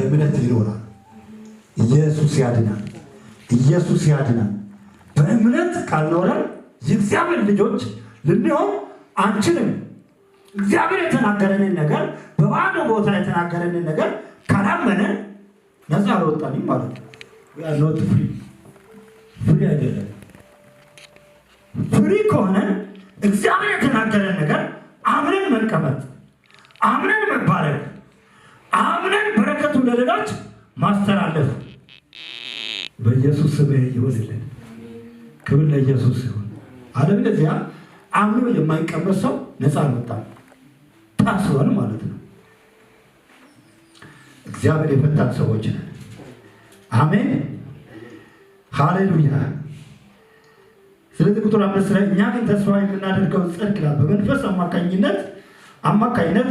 በእምነት ይኖራል። ኢየሱስ ያድናል። ኢየሱስ ያድናል። በእምነት ካልኖረን የእግዚአብሔር ልጆች ልንሆን አንችልም። እግዚአብሔር የተናገረንን ነገር በባዶ ቦታ የተናገረንን ነገር ካላመነ ነፃ አልወጣንም ማለት ነው። ኖት ፍሪ ፍሪ አይደለም። ፍሪ ከሆነ እግዚአብሔር የተናገረን ነገር አምነን መቀመጥ፣ አምነን መባረግ፣ አምነን ለሌሎች ማስተላለፍ በኢየሱስ ስም ይሆንልን። ክብር ለኢየሱስ ይሁን። አለም ለዚያ አምኖ የማይቀመጥ ሰው ነፃ አልወጣም፣ ታስሯል ማለት ነው። እግዚአብሔር የፈታን ሰዎች ነን። አሜን፣ ሃሌሉያ። ስለዚህ ቁጥር አምስት ላይ እኛ ግን ተስፋ የምናደርገው ጽድቅ ላ በመንፈስ አማካኝነት አማካኝነት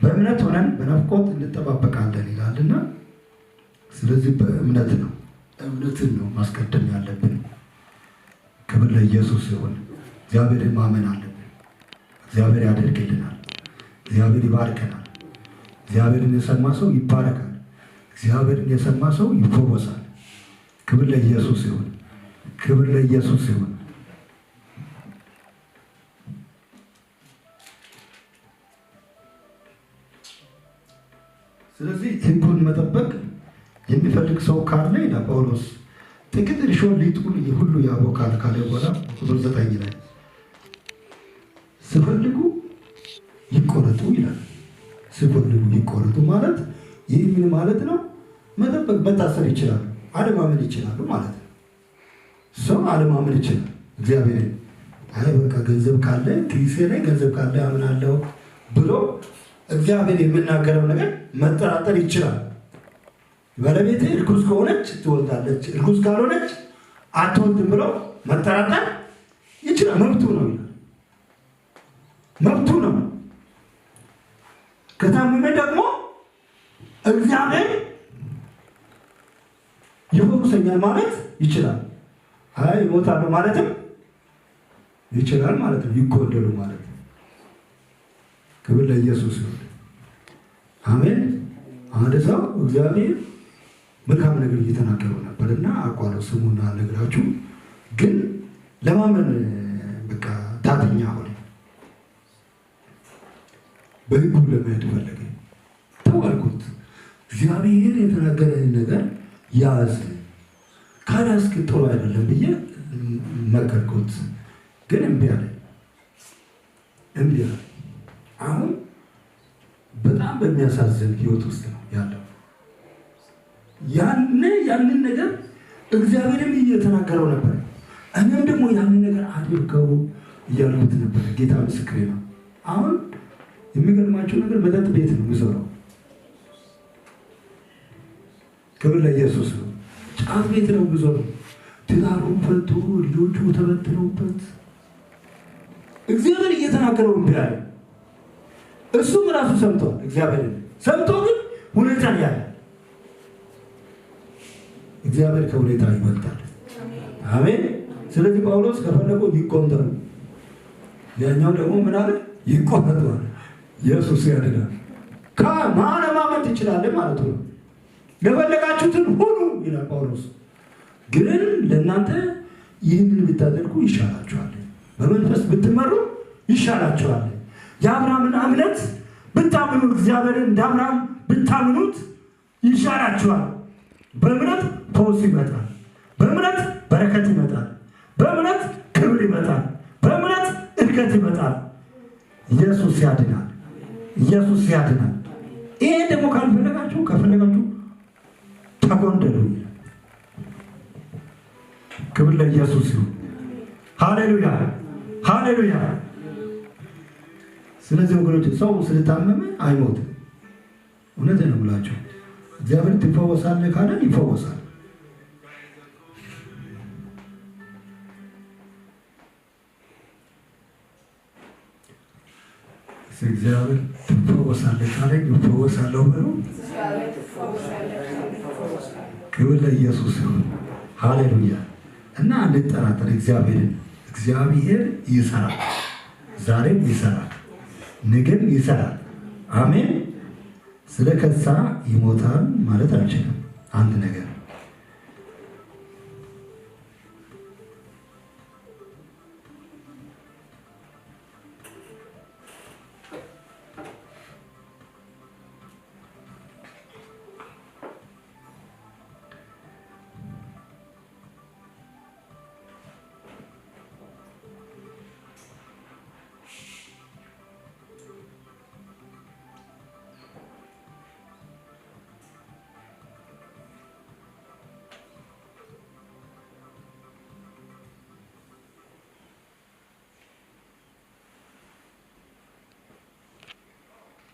በእምነት ሆነን በናፍቆት እንጠባበቃለን ይላልና፣ ስለዚህ በእምነት ነው እምነትን ነው ማስቀደም ያለብን። ክብር ለኢየሱስ ሲሆን እግዚአብሔርን ማመን አለብን። እግዚአብሔር ያደርግልናል። እግዚአብሔር ይባርከናል። እግዚአብሔርን የሰማ ሰው ይባረካል። እግዚአብሔርን የሰማ ሰው ይፈወሳል። ክብር ለኢየሱስ ይሁን። ክብር ለኢየሱስ ይሁን። ስለዚህ ዝንጉን መጠበቅ የሚፈልግ ሰው ካለ ይላል ጳውሎስ ጥቂት እርሾ ሊጡን ሁሉ ያቦካል ካለ በኋላ ቁጥር ዘጠኝ ላይ ስፈልጉ ይቆረጡ ይላል። ስፈልጉ ይቆረጡ ማለት ይህ ምን ማለት ነው? መጠበቅ መታሰር ይችላሉ አለማመን ይችላሉ ማለት ነው። ሰው አለማመን ይችላል እግዚአብሔርን። አይ በቃ ገንዘብ ካለ ኪሴ ላይ ገንዘብ ካለ አምናለሁ ብሎ እግዚአብሔር የምናገረው ነገር መጠራጠር ይችላል። ባለቤት እርጉዝ ከሆነች ትወልዳለች፣ እርጉዝ ካልሆነች አትወልድም ብለው መጠራጠር ይችላል። መብቱ ነው፣ መብቱ ነው። ከታመመ ደግሞ እግዚአብሔር ይፈውሰኛል ማለት ይችላል። አይ ይሞታሉ ማለትም ይችላል ማለት ነው። ይጎደሉ ማለት ነው። ክብር ለኢየሱስ ነው። አሜን። አንድ ሰው እግዚአብሔር መልካም ነገር እየተናገረው ነበር እና አቋረጥ ስሙና ነግራችሁ ግን ለማመን በቃ ዳተኛ ሆነ። በህጉ ለማየት ፈለገ። ተዋልኩት። እግዚአብሔር የተናገረኝ ነገር ያዝ፣ ካልያዝክ ጥሩ አይደለም ብዬ መከርኩት። ግን እምቢ አለ። እምቢ አለ። አሁን በጣም በሚያሳዝን ህይወት ውስጥ ነው ያለው። ያን ያንን ነገር እግዚአብሔርም እየተናገረው ነበር። እኔም ደግሞ ያንን ነገር አድርገው እያልኩት ነበር። ጌታ ምስክሬ ነው። አሁን የሚገርማቸው ነገር መጠጥ ቤት ነው የምሰራው። ክብር ለኢየሱስ ነው። ጫት ቤት ነው የምዞረው። ትዳሩ ፈቶ ልጆቹ ተበትነውበት እግዚአብሔር እየተናገረው እንዲያለ እሱም ራሱ ሰምቷል። እግዚአብሔር ሰምቶ ግን ሁኔታ ያለ እግዚአብሔር ከሁኔታ ይበልጣል። አሜን። ስለዚህ ጳውሎስ ከፈለጎ ሊቆንጠሩ፣ ያኛው ደግሞ ምን አለ? ይቆረጠዋል። ኢየሱስ ያድናል። ከማለማመን ትችላለህ ማለት ነው። ለፈለጋችሁትን ሁሉ ይላል ጳውሎስ። ግን ለእናንተ ይህንን ብታደርጉ ይሻላችኋል፣ በመንፈስ ብትመሩ ይሻላችኋል። የአብርሃምን እምነት ብታምኑ እግዚአብሔርን እንደ አብርሃም ብታምኑት ይሻላችኋል። በእምነት ፈውስ ይመጣል። በእምነት በረከት ይመጣል። በእምነት ክብር ይመጣል። በእምነት እድገት ይመጣል። ኢየሱስ ያድናል። ኢየሱስ ያድናል። ይሄ ደግሞ ካልፈለጋችሁ ከፈለጋችሁ ተጎንደሉ። ክብር ለኢየሱስ ይሁን። ሃሌሉያ ሃሌሉያ። ስለዚህ ወገኖች ሰው ስለታመመ አይሞትም። እውነት ነው ብላቸው እግዚአብሔር ትፈወሳለህ ካለን ይፈወሳል። እግዚአብሔር ትፈወሳለህ ካለኝ ይፈወሳለሁ ብሎ ክብር ለኢየሱስ ይሁን። ሃሌሉያ እና እንጠራጠር እግዚአብሔርን እግዚአብሔር ይሰራል፣ ዛሬም ይሰራል። ምግብ ይሰራል። አሜን። ስለ ከሳ ይሞታል ማለት አንችልም። አንድ ነገር